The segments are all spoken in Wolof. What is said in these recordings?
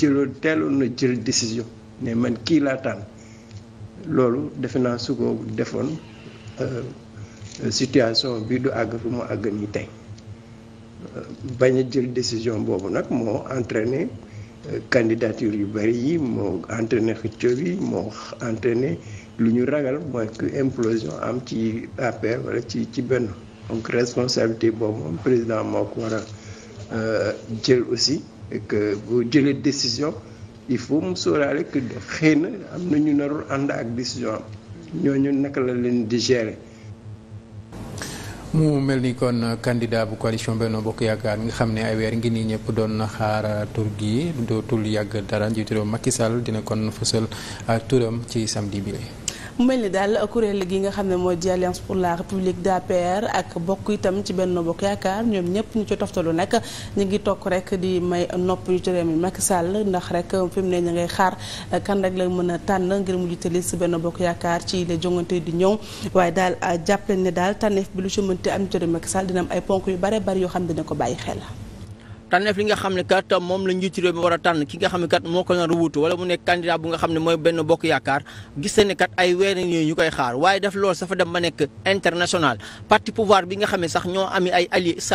jëloon teeloon na jël décision ne man kii laa tànn loolu defe naa su defoon euh, euh, situation bi du àgg fu mu àgg nii tey euh, bañ a jël décision boobu nag moo entraîné candidature yu bari yi moo entraîné xëccoo bi moo entraîné lu ñu ragal mooy que implosion am ci APR wala ci ci benn donc responsabilité boobu moom président moo ko war a jël aussi et boo jëlee décision il faut mu sóoraale que na am na ñu narul ànd ak décision am ñooñu naka la leen di gérer. mu mel ni kon candidat bu coalition Benno Bokk Yaakaar nga xam ne ay weer ngi nii ñëpp doon xaar tur gi dootul yàgg dara njiitu réew Macky Sall dina kon fësal turam ci samedi bi. mu mel ni daal kuréel gi nga xam ne moo di alliance pour la république d'APR ak bokk itam ci benn bokk yaakaar ñoom ñëpp ñu ci toftalu nag ñu ngi tokk rek di may nopp ñu ci réew mi Macky ndax rek fi mu ne ñu ngay xaar kan rek la mën a tànn ngir mu tëli liste benn bokk yaakaar ci les jongante di ñëw waaye daal jàpp leen ne daal tànneef bi lu ci mënti am ci réew Macky Sall dina am ay ponk yu bare bari yoo xam ne dina ko bàyyi xel. tànneef li nga xam ne kat moom la njiitu réew mi war a tànn ki nga bi nga xam ne sax ñoo ami ay alliés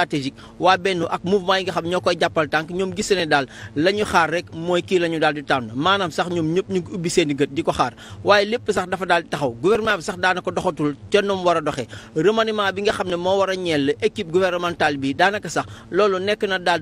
benn ak mouvement yi nga xam ñoo koy jàppal tànk ñoom gis ne daal la ñu xaar rek mooy kii la ñu daal di tànn maanaam sax ñoom ñëpp ñu ngi ubbi seen i gët di ko xaar waaye lépp sax dafa daal di taxaw gouvernement bi sax daanaka doxatul ca noom war a doxee remaniement bi nga xam ne moo war a ñeel équipe gouvernementale bi daanaka sax loolu nekk na daal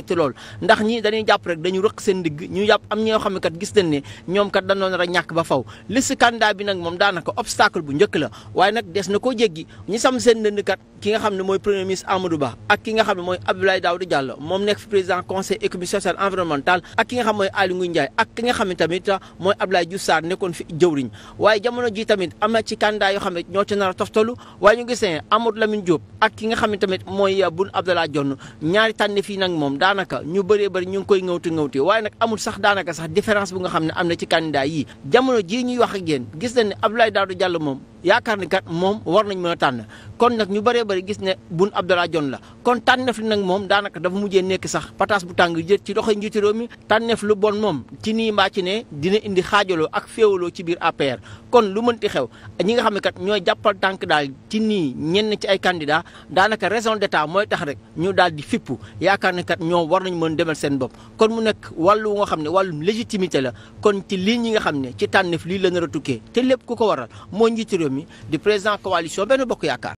metti lool ndax ñi dañuy jàpp rek dañu rëq seen digg ñu jàpp am ñoo xam kat gis nañ ne ñoom kat dañoo nar a ñàkk ba faw liste candidat bi nag moom daanaka obstacle bu njëkk waaye nag des na koo jéggi ñi sam seen dënd kat ki nga xam ne mooy premier ministre Amadou Ba ak ki nga xam ne mooy Abdoulaye Daouda Diallo ak ki nga xam ne tamit mooy Abdoulaye Diouf Sarr nekkoon fi jëwriñ waaye jamono ji tamit am na ci candidat yoo nar a toftalu waaye ñu gisee ne tamit mooy Boun Abdallah daanaka ñu bëree bëri ñu ngi koy ngawti ngawti waaye nag amul sax daanaka sax différence bu nga xam ne am na ci candidat yii jamono jii ñuy wax ak yéen gis nañ ne Abdoulaye Daouda Diallo moom yaakaar ne kat moom war nañ mën a tànn kon nag ñu bëree bëri gis ne Boun Abdallah Dionne la kon tànneef li nag moom daanaka dafa mujjee nekk sax pataas bu tàng jët ci loxoy njiitu réew mi tànneef lu bon moom ci nii mbaa ci ne dina indi xaajaloo ak féewaloo ci biir APR kon lu mënti xew ñi nga xam ñooy jàppal tànk daal ci nii ñenn ci ay candidat daanaka raison d'état mooy tax rek ñu daal di fippu yaakaar ne kat ñoom war nañ mën demal seen bopp kon mu nekk wàllu nga xam ne wàllum légitimité la kon ci lii ñi nga xam ne ci tànneef lii la nar a tukkee te lépp ku ko waral moo njiitu mi di président coalition benn bokk yaakaar